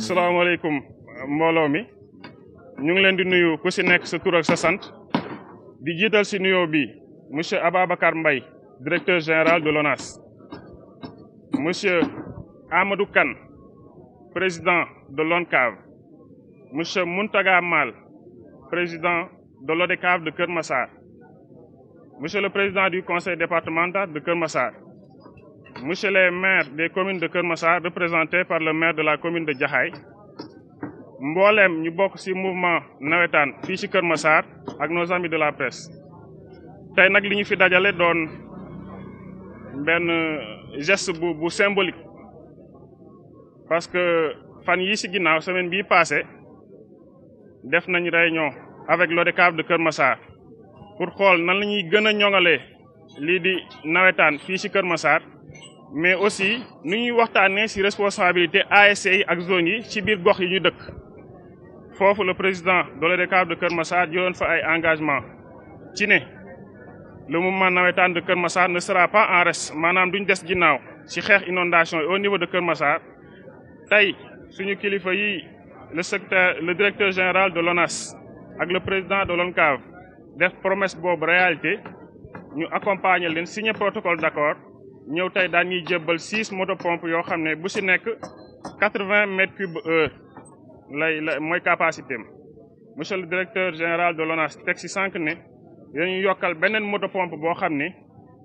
Salam alaikum. mi Nous ngi leen di nuyu ku si de sa tur ak sa sant monsieur Mbaye directeur général de l'ONAS monsieur Amadou Kan, président de l'ONCAV monsieur Muntaga Mal président de l'ODCAV de Kermassar. Monsieur le Président du Conseil départemental de Kermassar, Monsieur le maire des communes de Kermassar, représenté par le maire de la commune de Djahaï, nous avons bokk un mouvement de fii ci avec nos amis de la presse Nous avons geste symbolique parce que la semaine ci semaine bi une réunion avec l'ODCAV de Kermassar pour xol nan la gëna ñongalé li di nawétane fi ci Kër Massar mais aussi nu ñuy waxtaanee ci responsabilité ASC ak zone yi ci biir gox yi ñu dëkk. fofu le président doole de cadre de Kër Massar joon fa ay engagement ci ne le mouvement nawétane de Kër Massar ne sera pas en reste manam duñ dess ginnaw ci xeex inondation au niveau de Kër Massar tay suñu kilifa yi le secteur le directeur général de l'ONAS ak le président de l'ONCAV def promesse bobu réalité ñu accompagner leen signer protocole d'accord accord tay tey daan ñuy jébbal six motopompe yoo xam ne bu ci nek 80 m3 cube heure lay moy capacité monsieur le directeur général de l'ONAS teg sank né ne yokal benen moto pompe bo xamné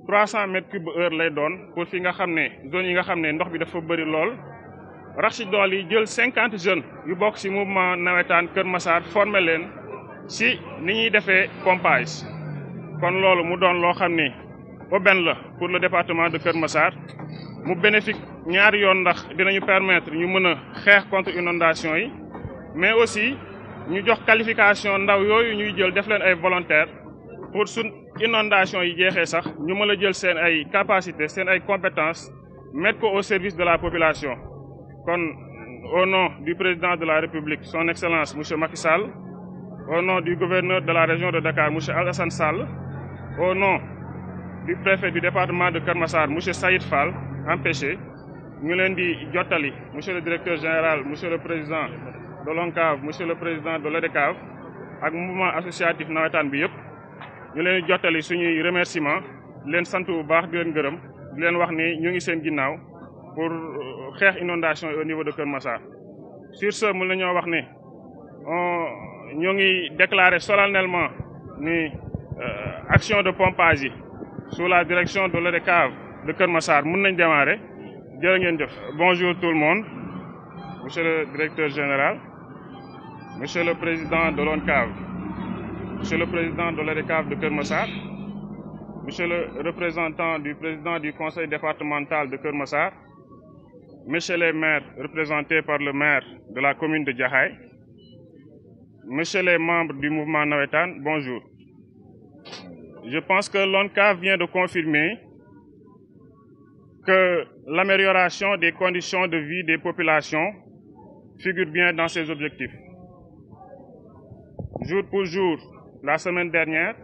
300 m3 mètres heure lay doon pour fi nga xamné zone yi nga xamné ndox bi dafa bëri lool rachid si yi jël 50 jeunes yu bok ci mouvement nawetaan keur Massar formé leen si nous faisons defee quand kon nous mu doon au pour le département de Kermassar, nous bénéficions de ñaari yoon ndax nous permettre de faire contre inondation mais aussi ñu jox qualification ndaw qualifications, ñuy jël def des volontaires pour une inondation yi jeexee sax ñu mën jël capacités compétences mettre au service de la population au nom du président de la République son excellence monsieur Macky Sall au nom du gouverneur de la région de Dakar, M. Al-Hassan Sall, au nom du préfet du département de Kermassar, M. Saïd Fall, empêché, nous M. le directeur général, M. le président de l'ONCAV, M. le président de l'EDECAV, le mouvement associatif Nawetan bi M. ñu leen suñuy remerciement Len de sant bu baax di leen gërëm di pour euh, xeex inondation au niveau de Kermassar. sur ce mën nañoo wax nous avons déclarer solennellement ni euh, action de pompage sous la direction de l'ODCAV e de Kermassar. démarrer bonjour tout le monde monsieur le directeur général monsieur le président de l'ONCAV, e monsieur le président de Kermassar, de monsieur le représentant du président du conseil départemental de Kermassar, Monsieur le les maires représentés par le maire de la commune de Jahaï Monsieur les membres du mouvement Nawetan, bonjour. Je pense que l'ONCA vient de confirmer que l'amélioration des conditions de vie des populations figure bien dans ses objectifs. Jour pour jour, la semaine dernière,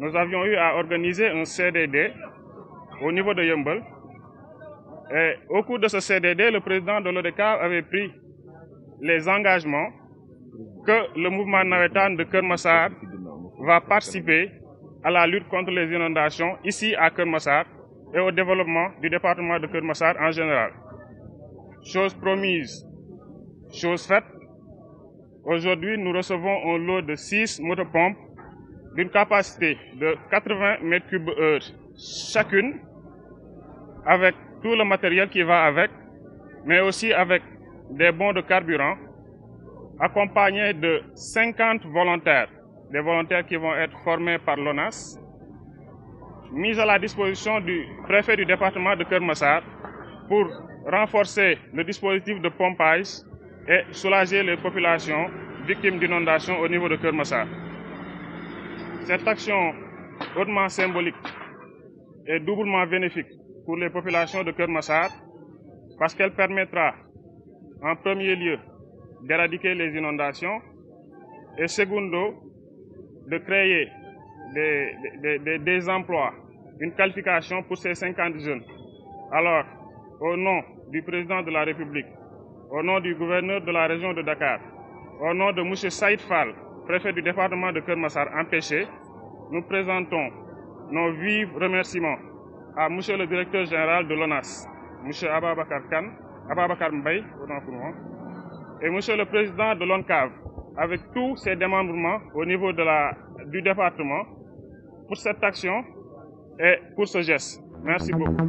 nous avions eu à organiser un CDD au niveau de Yumbel. Et au cours de ce CDD, le président de l'ODECA avait pris les engagements que le mouvement Nawetan de Kermassar va participer à la lutte contre les inondations ici à Kermassar et au développement du département de Kermassar en général. Chose promise, chose faite, aujourd'hui nous recevons un lot de 6 motopompes d'une capacité de 80 m 3 heure chacune, avec tout le matériel qui va avec, mais aussi avec des bons de carburant accompagné de 50 volontaires, des volontaires qui vont être formés par l'ONAS, mis à la disposition du préfet du département de Kermassar pour renforcer le dispositif de pompage et soulager les populations victimes d'inondations au niveau de Kermassar. Cette action hautement symbolique est doublement bénéfique pour les populations de Kermassar parce qu'elle permettra en premier lieu d'éradiquer les inondations et secondo, de créer des, emplois, une qualification pour ces 50 jeunes. Alors, au nom du président de la République, au nom du gouverneur de la région de Dakar, au nom de M. Saïd Fall, préfet du département de Kermassar empêché, nous présentons nos vifs remerciements à M. le directeur général de l'ONAS, M. Ababakar Khan, Mbaye, pour et Monsieur le Président de l'ONCAV, avec tous ses démembrements au niveau du département, pour cette action et pour ce geste. Merci beaucoup.